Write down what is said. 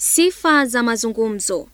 Sifa za mazungumzo.